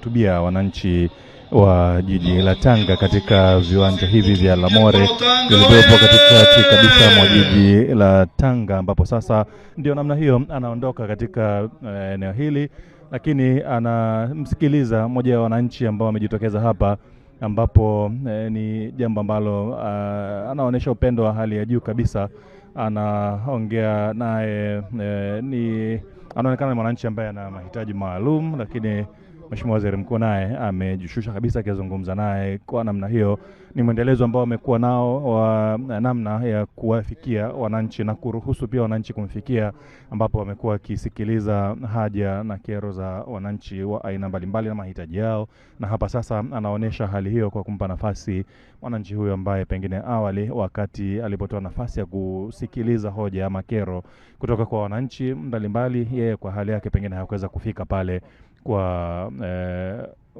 kuwahutubia wananchi wa jiji la Tanga katika viwanja hivi vya Lamore vilivyopo katikati kabisa mwa jiji la Tanga, ambapo sasa ndio namna hiyo anaondoka katika eh, eneo hili, lakini anamsikiliza mmoja wa wananchi ambao wamejitokeza hapa, ambapo eh, ni jambo ambalo uh, anaonyesha upendo wa hali ya juu kabisa. Anaongea naye eh, ni anaonekana ni mwananchi ambaye ana mahitaji maalum lakini Mheshimiwa Waziri Mkuu naye amejishusha kabisa akizungumza naye. Kwa namna hiyo ni mwendelezo ambao amekuwa nao wa namna ya kuwafikia wananchi na kuruhusu pia wananchi kumfikia, ambapo wamekuwa wakisikiliza haja na kero za wananchi wa aina mbalimbali na mahitaji yao, na hapa sasa anaonyesha hali hiyo kwa kumpa nafasi mwananchi huyo ambaye pengine awali wakati alipotoa nafasi ya kusikiliza hoja ama kero kutoka kwa wananchi mbalimbali, yeye kwa hali yake pengine hakuweza kufika pale kwa eh,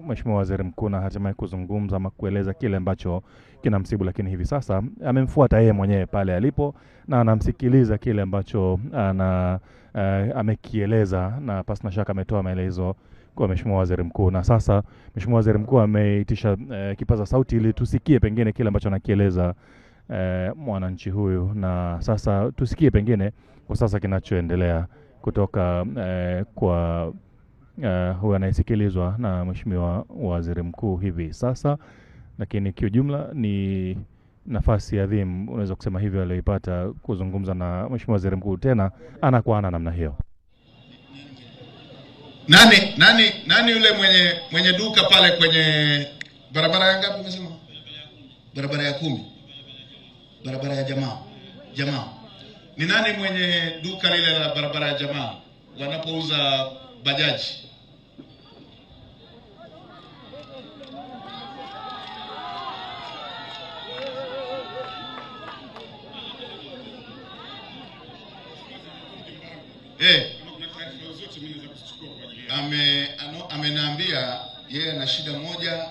Mheshimiwa Waziri Mkuu na hatimaye kuzungumza ama kueleza kile ambacho kina msibu lakini hivi sasa amemfuata yeye mwenyewe pale alipo na anamsikiliza kile ambacho ana eh, amekieleza, na na shaka ametoa maelezo kwa Mheshimiwa Waziri Mkuu. Na sasa Mheshimiwa Waziri Mkuu ameitisha eh, kipaza sauti ili tusikie pengine kile ambacho anakieleza eh, mwananchi huyu, na sasa tusikie pengine kwa sasa kinachoendelea kutoka eh, kwa uh, eh, anayesikilizwa na Mheshimiwa Waziri Mkuu hivi sasa, lakini kiujumla ni nafasi adhimu, unaweza kusema hivyo, aliyoipata kuzungumza na Mheshimiwa Waziri Mkuu tena ana kwa ana namna hiyo. Nani nani nani yule mwenye mwenye duka pale kwenye barabara ya ngapi umesema? Barabara ya kumi, barabara ya jamaa jamaa. Ni nani mwenye duka lile la barabara ya jamaa wanapouza bajaji? Eh. amenaambia yeye ana shida moja,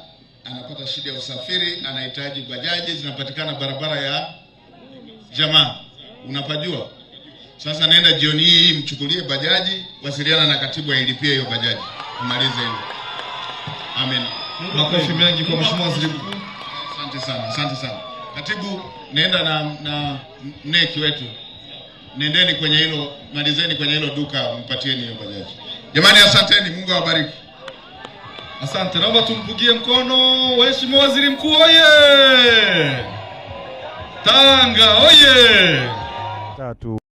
anapata shida ya usafiri, anahitaji bajaji zinapatikana barabara ya jamaa, unapajua. Sasa naenda jioni hii mchukulie bajaji, wasiliana na katibu ailipie hiyo bajaji, umalize hilo. Amen. Makofi mengi kwa mheshimiwa waziri mkuu. Asante sana, asante sana katibu. Naenda na na mneki wetu nendeni kwenye hilo, malizeni kwenye hilo duka, mpatieni hiyo bajaji. Jamani, asanteni, Mungu awabariki. Asante, naomba tumpugie mkono Mheshimiwa Waziri Mkuu oye! Tanga oye! Tatu.